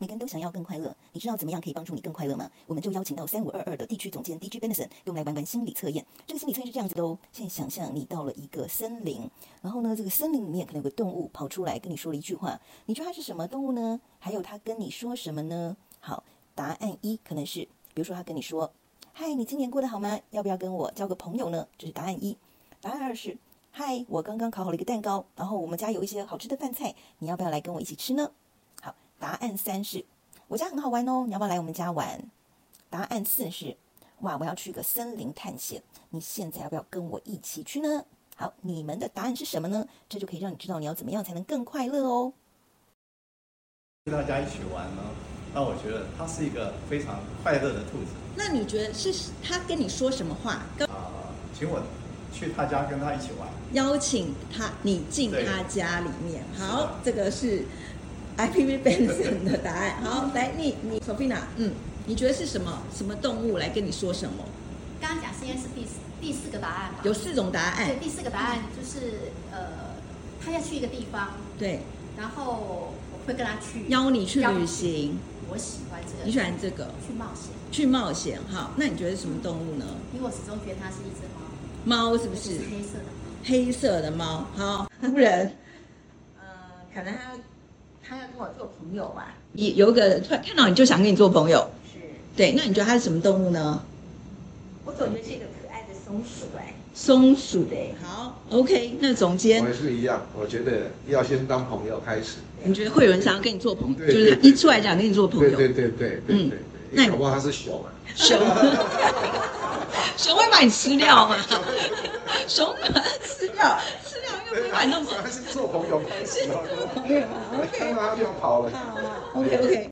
每個人都想要更快樂。你知道怎麼樣可以幫助你更快樂嗎？我們就邀請到三五二二的地區總監 DG Benison，用來玩玩心理測驗。這個心理測驗是這樣子的哦：現在想象你到了一個森林，然後呢，這個森林裡面可能有個動物跑出來跟你說了一句話。你覺得它是什麼動物呢？還有它跟你說什麼呢？好，答案一可能是，比如說他跟你說：“嗨，你今年過得好嗎？要不要跟我交個朋友呢？”這，就是答案一。答案二是：“嗨，我剛剛烤好了一個蛋糕，然後我們家有一些好吃的飯菜，你要不要來跟我一起吃呢？”答案三是，我家很好玩哦，你要不要來我們家玩？答案四是，哇，我要去個森林探險，你現在要不要跟我一起去呢？好，你們的答案是什麼呢？這就可以讓你知道你要怎麼樣才能更快樂哦。去他家一起玩呢，那我覺得他是一個非常快樂的兔子。那你覺得是他跟你說什麼話？啊、呃，請我去他家跟他一起玩，邀請他你進他家裡面。對好，吧這個是。I P V Benison 的答案，好，來，你你 Sofina，嗯，你覺得是什麼什麼動物來跟你說什麼？剛剛講，現在是第四第四個答案吧？有四種答案，對，第四個答案就是、嗯、呃，他要去一個地方，對，然後我會跟他去邀，你去旅行。我喜歡這個，你喜歡這個？去冒險？去冒險，好，那你覺得是什麼動物呢？因為我始終覺得它是一只貓，貓是不是？是黑色的貓，黑色的貓，好，不然人，呃，可能它。他要跟我做朋友嘛？有有個突然看到你就想跟你做朋友，是對。那你覺得他是什麼動物呢？我總覺得是一個可愛的松鼠哎、欸，松鼠的。對好，OK。那總監也是一樣，我覺得要先當朋友開始。對對對對，你覺得慧文想要跟你做朋友，對對對對，就是他一出來想跟你做朋友？對，對對對對，嗯。那你、欸、搞不好他是熊啊。熊， 熊會把你吃掉嗎？ 熊會把你吃掉。沒玩，那麼，還、啊、是做朋友開始、哦。OK，幹嘛又跑了？OK，OK okay, okay、嗯。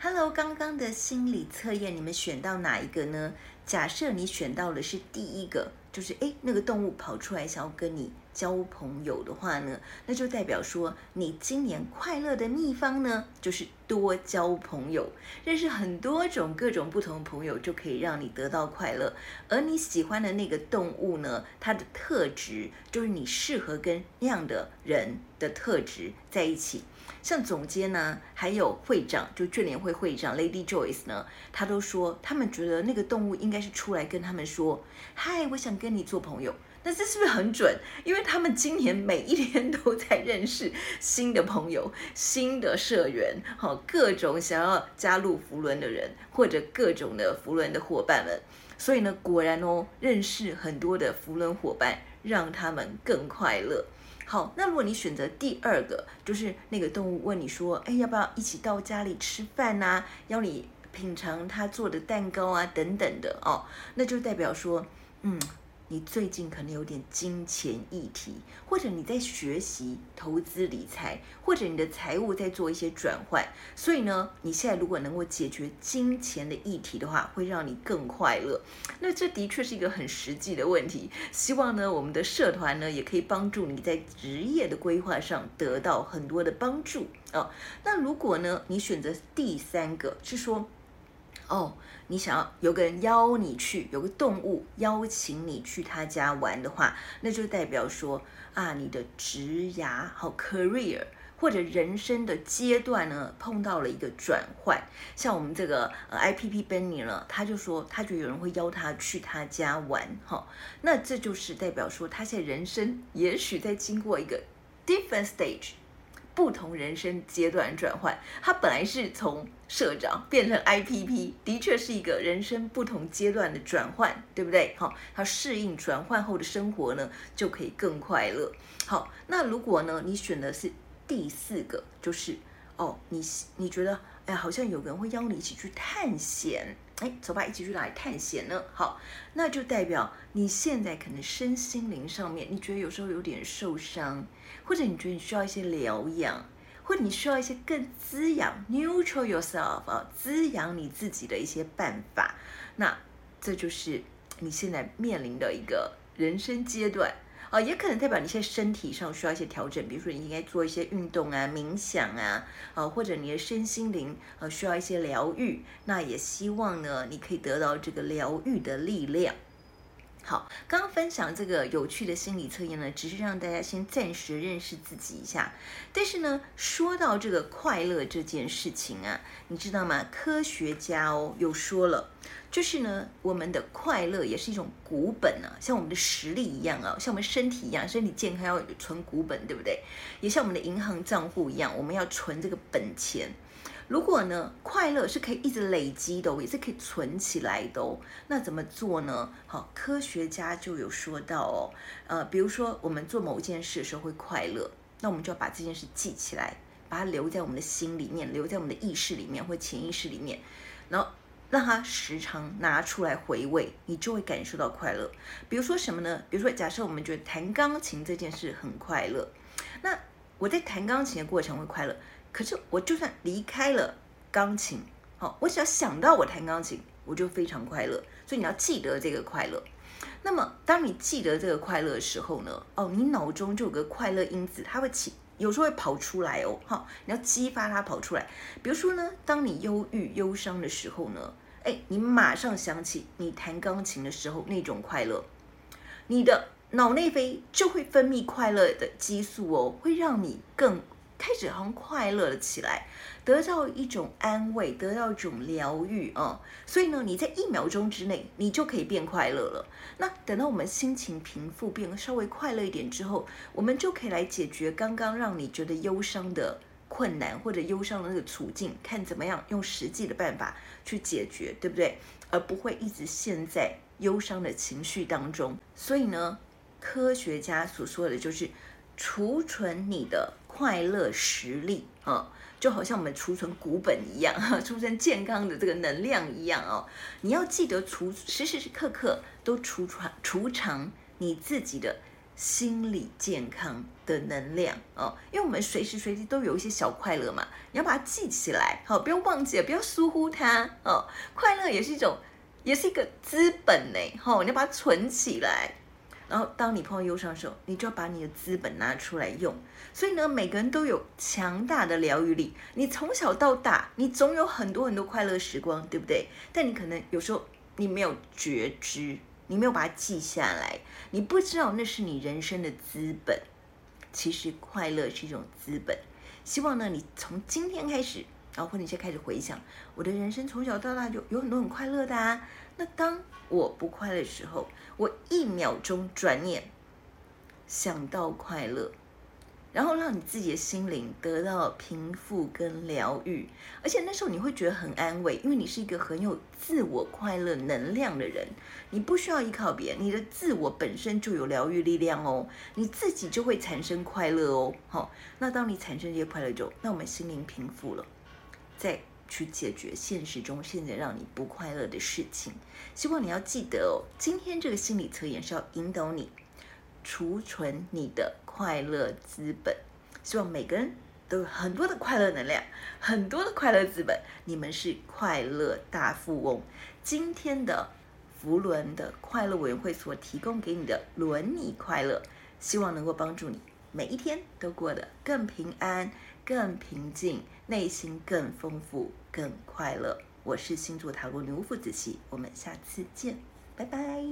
Hello，剛剛的心理測驗，你們選到哪一個呢？假設你選到了是第一個，就是哎、欸，那個動物跑出來想要跟你。交朋友的話呢，那就代表說你今年快樂的秘方呢，就是多交朋友，認識很多種各種不同的朋友，就可以讓你得到快樂。而你喜歡的那個動物呢，它的特質就是你適合跟那樣的人的特質在一起。像總監呢，還有會長，就眷聯會會長 Lady Joyce 呢，他都說他們覺得那個動物應該是出來跟他們說，嗨，我想跟你做朋友。那這是不是很準？因為他們今年每一天都在認識新的朋友、新的社員，好，各種想要加入扶輪的人，或者各種的扶輪的伙伴們。所以呢，果然哦，認識很多的扶輪伙伴，讓他們更快樂。好，那如果你選擇第二個，就是那個動物問你說：“哎，要不要一起到家裡吃飯吶、啊？’邀你品嘗他做的蛋糕啊，等等的哦。”那就代表說，嗯。你最近可能有點金錢議題，或者你在學習投資理財，或者你的財務在做一些轉換，所以呢，你現在如果能夠解決金錢的議題的話，會讓你更快樂。那這的確是一個很實際的問題，希望呢我們的社團呢也可以幫助你在職業的規劃上得到很多的幫助啊、哦。那如果呢你選擇第三個，是說。哦，oh, 你想要有個人邀你去，有個動物邀請你去他家玩的話，那就代表說啊，你的職涯好 career 或者人生的階段呢，碰到了一個轉換。像我們這個、呃、IPP Bernie、er, 他就說他覺得有人會邀他去他家玩哈、哦，那這就是代表說他現在人生也許在經過一個 different stage。不同人生階段轉換，它本來是從社長變成 IPP，的確是一個人生不同階段的轉換，對不對？好、哦，他適應轉換後的生活呢，就可以更快樂。好，那如果呢，你選的是第四個，就是哦，你你覺得，哎呀，好像有人會邀你一起去探險。哎，走吧，一起去哪裡探險呢？好，那就代表你現在可能身心靈上面，你覺得有時候有點受傷，或者你覺得你需要一些療養，或者你需要一些更滋養，neutral yourself 啊，滋養你自己的一些辦法。那這就是你現在面臨的一個人生階段。啊、呃，也可能代表你現在身體上需要一些調整，比如說你應該做一些運動啊、冥想啊，啊、呃，或者你的身心靈啊、呃，需要一些療癒，那也希望呢，你可以得到這個療癒的力量。好，剛剛分享這個有趣的心理測驗呢，只是讓大家先暫時認識自己一下。但是呢，說到這個快樂這件事情啊，你知道嗎？科學家哦，有說了，就是呢，我們的快樂也是一種股本啊，像我們的實力一樣啊，像我們身體一樣，身體健康要存股本，對不對？也像我們的銀行賬戶一樣，我們要存這個本錢。如果呢，快樂是可以一直累積的哦，也是可以存起來的哦。那怎麼做呢？好，科學家就有說到哦，呃，比如說我們做某件事的時候會快樂，那我們就要把這件事記起來，把它留在我們的心裡面，留在我們的意識裡面或潛意識裡面，然後讓它時常拿出來回味，你就會感受到快樂。比如說什麼呢？比如說假設我們覺得彈鋼琴這件事很快樂，那我在彈鋼琴的過程會快樂，可是我就算離開了鋼琴，好，我只要想到我彈鋼琴，我就非常快樂。所以你要記得這個快樂。那麼當你記得這個快樂的時候呢，哦，你腦中就有個快樂因子，它會起，有時候會跑出來哦。好，你要激發它跑出來。比如說呢，當你憂鬱、憂傷的時候呢，誒，你馬上想起你彈鋼琴的時候那種快樂，你的。腦內啡就會分泌快樂的激素哦，會讓你更開始好像快樂了起來，得到一種安慰，得到一種療癒哦，啊，所以呢，你在一秒鐘之內，你就可以變快樂了。那等到我們心情平復，變得稍微快樂一點之後，我們就可以來解決剛剛讓你覺得憂傷的困難或者憂傷的那個處境，看怎麼樣用實際的辦法去解決，對不對？而不會一直陷在憂傷的情緒當中。所以呢。科學家所說的就是儲存你的快樂實力啊，哦，就好像我們儲存股本一樣，儲存健康的這個能量一樣哦。你要記得儲，時時刻刻都儲存、儲藏你自己的心理健康的能量哦，因為我們隨時隨地都有一些小快樂嘛，你要把它記起來，好，哦，不要忘記，不要疏忽它哦。快樂也是一種，也是一個資本呢，哈，哦，你要把它存起來。然後當你碰到憂傷的時候，你就要把你的資本拿出來用。所以呢，每個人都有強大的療癒力。你從小到大，你總有很多很多快樂時光，對不對？但你可能有時候你沒有覺知，你沒有把它記下來，你不知道那是你人生的資本。其實快樂是一種資本。希望呢，你從今天開始。然後你先開始回想，我的人生從小到大就有很多很快樂的啊。那當我不快樂的時候，我一秒鐘轉念想到快樂，然後讓你自己的心靈得到平復跟療癒，而且那時候你會覺得很安慰，因為你是一個很有自我快樂能量的人，你不需要依靠別人，你的自我本身就有療癒力量哦，你自己就會產生快樂哦。好、哦，那當你產生這些快樂之後，就那我們心靈平復了。再去解決現實中現在讓你不快樂的事情。希望你要記得哦，今天這個心理測驗是要引導你儲存你的快樂資本。希望每個人都有很多的快樂能量，很多的快樂資本，你們是快樂大富翁。今天的扶輪的快樂委員會所提供給你的輪你快樂，希望能夠幫助你每一天都過得更平安，更平靜，內心更豐富，更快樂。我是星座塔羅女巫傅子綺，我們下次見，拜拜。